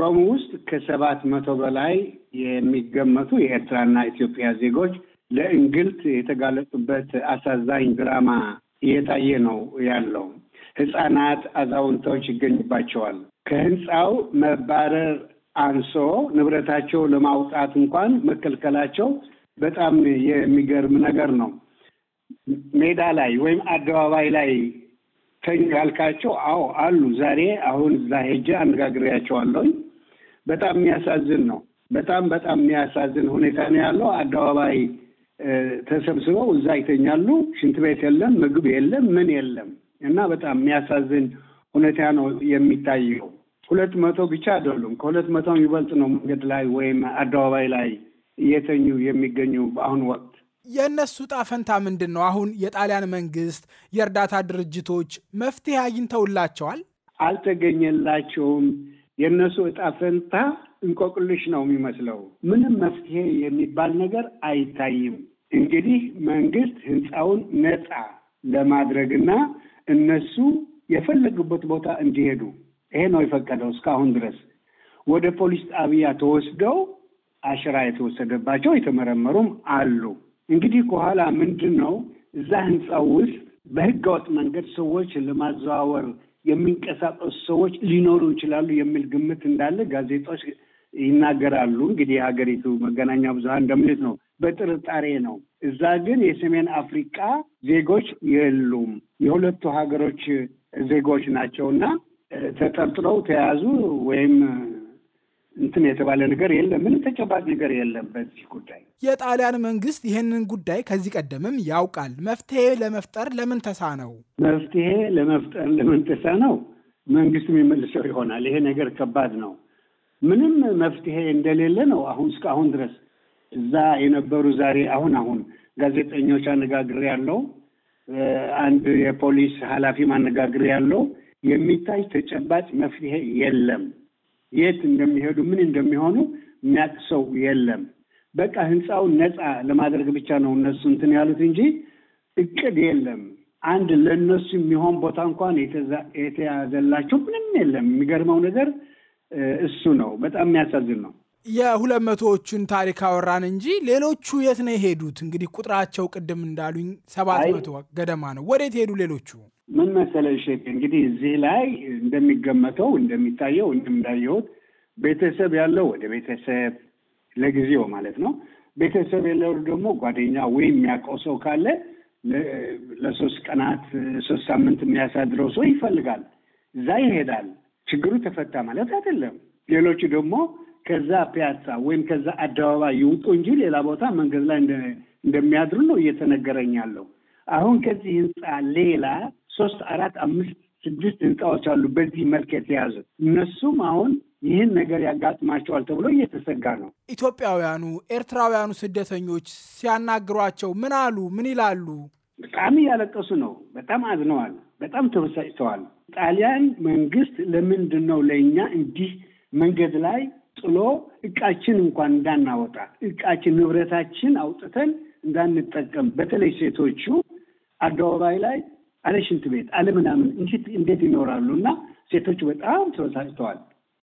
ሮም ውስጥ ከሰባት መቶ በላይ የሚገመቱ የኤርትራና ኢትዮጵያ ዜጎች ለእንግልት የተጋለጡበት አሳዛኝ ድራማ እየታየ ነው ያለው። ህፃናት አዛውንቶች ይገኙባቸዋል። ከህንፃው መባረር አንሶ ንብረታቸው ለማውጣት እንኳን መከልከላቸው በጣም የሚገርም ነገር ነው። ሜዳ ላይ ወይም አደባባይ ላይ ተኙ ያልካቸው? አዎ አሉ። ዛሬ አሁን እዛ ሄጄ አነጋግሬያቸዋለሁኝ። በጣም የሚያሳዝን ነው። በጣም በጣም የሚያሳዝን ሁኔታ ነው ያለው። አደባባይ ተሰብስበው እዛ ይተኛሉ። ሽንት ቤት የለም፣ ምግብ የለም፣ ምን የለም እና በጣም የሚያሳዝን ሁኔታ ነው የሚታየው። ሁለት መቶ ብቻ አይደሉም፣ ከሁለት መቶ የሚበልጥ ነው መንገድ ላይ ወይም አደባባይ ላይ እየተኙ የሚገኙ በአሁኑ ወቅት። የእነሱ ጣፈንታ ምንድን ነው? አሁን የጣሊያን መንግስት፣ የእርዳታ ድርጅቶች መፍትሄ አግኝተውላቸዋል? አልተገኘላቸውም። የእነሱ እጣ ፈንታ እንቆቅልሽ ነው የሚመስለው። ምንም መፍትሄ የሚባል ነገር አይታይም። እንግዲህ መንግስት ህንፃውን ነፃ ለማድረግና እነሱ የፈለጉበት ቦታ እንዲሄዱ ይሄ ነው የፈቀደው። እስካሁን ድረስ ወደ ፖሊስ ጣቢያ ተወስደው አሽራ የተወሰደባቸው የተመረመሩም አሉ። እንግዲህ ከኋላ ምንድን ነው እዛ ህንፃው ውስጥ በህገወጥ መንገድ ሰዎች ለማዘዋወር የሚንቀሳቀሱ ሰዎች ሊኖሩ ይችላሉ የሚል ግምት እንዳለ ጋዜጦች ይናገራሉ። እንግዲህ የሀገሪቱ መገናኛ ብዙኃን እንደሚሉት ነው። በጥርጣሬ ነው። እዛ ግን የሰሜን አፍሪካ ዜጎች የሉም። የሁለቱ ሀገሮች ዜጎች ናቸው እና ተጠርጥረው ተያዙ ወይም እንትን የተባለ ነገር የለም። ምንም ተጨባጭ ነገር የለም በዚህ ጉዳይ። የጣሊያን መንግስት ይህንን ጉዳይ ከዚህ ቀደምም ያውቃል። መፍትሄ ለመፍጠር ለምን ተሳ ነው? መፍትሄ ለመፍጠር ለምን ተሳ ነው? መንግስት የሚመልሰው ይሆናል። ይሄ ነገር ከባድ ነው። ምንም መፍትሄ እንደሌለ ነው አሁን እስካሁን ድረስ እዛ የነበሩ ዛሬ አሁን አሁን ጋዜጠኞች አነጋግር ያለው አንድ የፖሊስ ኃላፊ ማነጋገር ያለው የሚታይ ተጨባጭ መፍትሄ የለም። የት እንደሚሄዱ ምን እንደሚሆኑ የሚያውቅ ሰው የለም። በቃ ህንፃውን ነፃ ለማድረግ ብቻ ነው እነሱ እንትን ያሉት እንጂ እቅድ የለም። አንድ ለእነሱ የሚሆን ቦታ እንኳን የተያዘላቸው ምንም የለም። የሚገርመው ነገር እሱ ነው። በጣም የሚያሳዝን ነው። የሁለት መቶዎቹን ታሪክ አወራን እንጂ ሌሎቹ የት ነው የሄዱት? እንግዲህ ቁጥራቸው ቅድም እንዳሉኝ ሰባት መቶ ገደማ ነው። ወዴት ሄዱ ሌሎቹ? ምን መሰለህ ሼክ እንግዲህ እዚህ ላይ እንደሚገመተው እንደሚታየው እንደምዳየሁት ቤተሰብ ያለው ወደ ቤተሰብ ለጊዜው ማለት ነው። ቤተሰብ የለው ደግሞ ጓደኛ ወይም የሚያውቀው ሰው ካለ ለሶስት ቀናት ሶስት ሳምንት የሚያሳድረው ሰው ይፈልጋል። እዛ ይሄዳል። ችግሩ ተፈታ ማለት አይደለም። ሌሎቹ ደግሞ ከዛ ፒያሳ ወይም ከዛ አደባባይ ይውጡ እንጂ ሌላ ቦታ መንገድ ላይ እንደሚያድሩ ነው እየተነገረኝ ያለው። አሁን ከዚህ ህንፃ ሌላ ሶስት አራት አምስት ስድስት ህንፃዎች አሉ በዚህ መልክ የተያዘ እነሱም አሁን ይህን ነገር ያጋጥማቸዋል ተብሎ እየተሰጋ ነው። ኢትዮጵያውያኑ ኤርትራውያኑ ስደተኞች ሲያናግሯቸው ምን አሉ? ምን ይላሉ? በጣም እያለቀሱ ነው። በጣም አዝነዋል። በጣም ተበሳጭተዋል። ጣሊያን መንግስት ለምንድን ነው ለእኛ እንዲህ መንገድ ላይ ጥሎ እቃችን እንኳን እንዳናወጣ እቃችን ንብረታችን አውጥተን እንዳንጠቀም በተለይ ሴቶቹ አደባባይ ላይ አለ ሽንት ቤት አለ ምናምን እንዴት ይኖራሉ? እና ሴቶቹ በጣም ተበሳጭተዋል።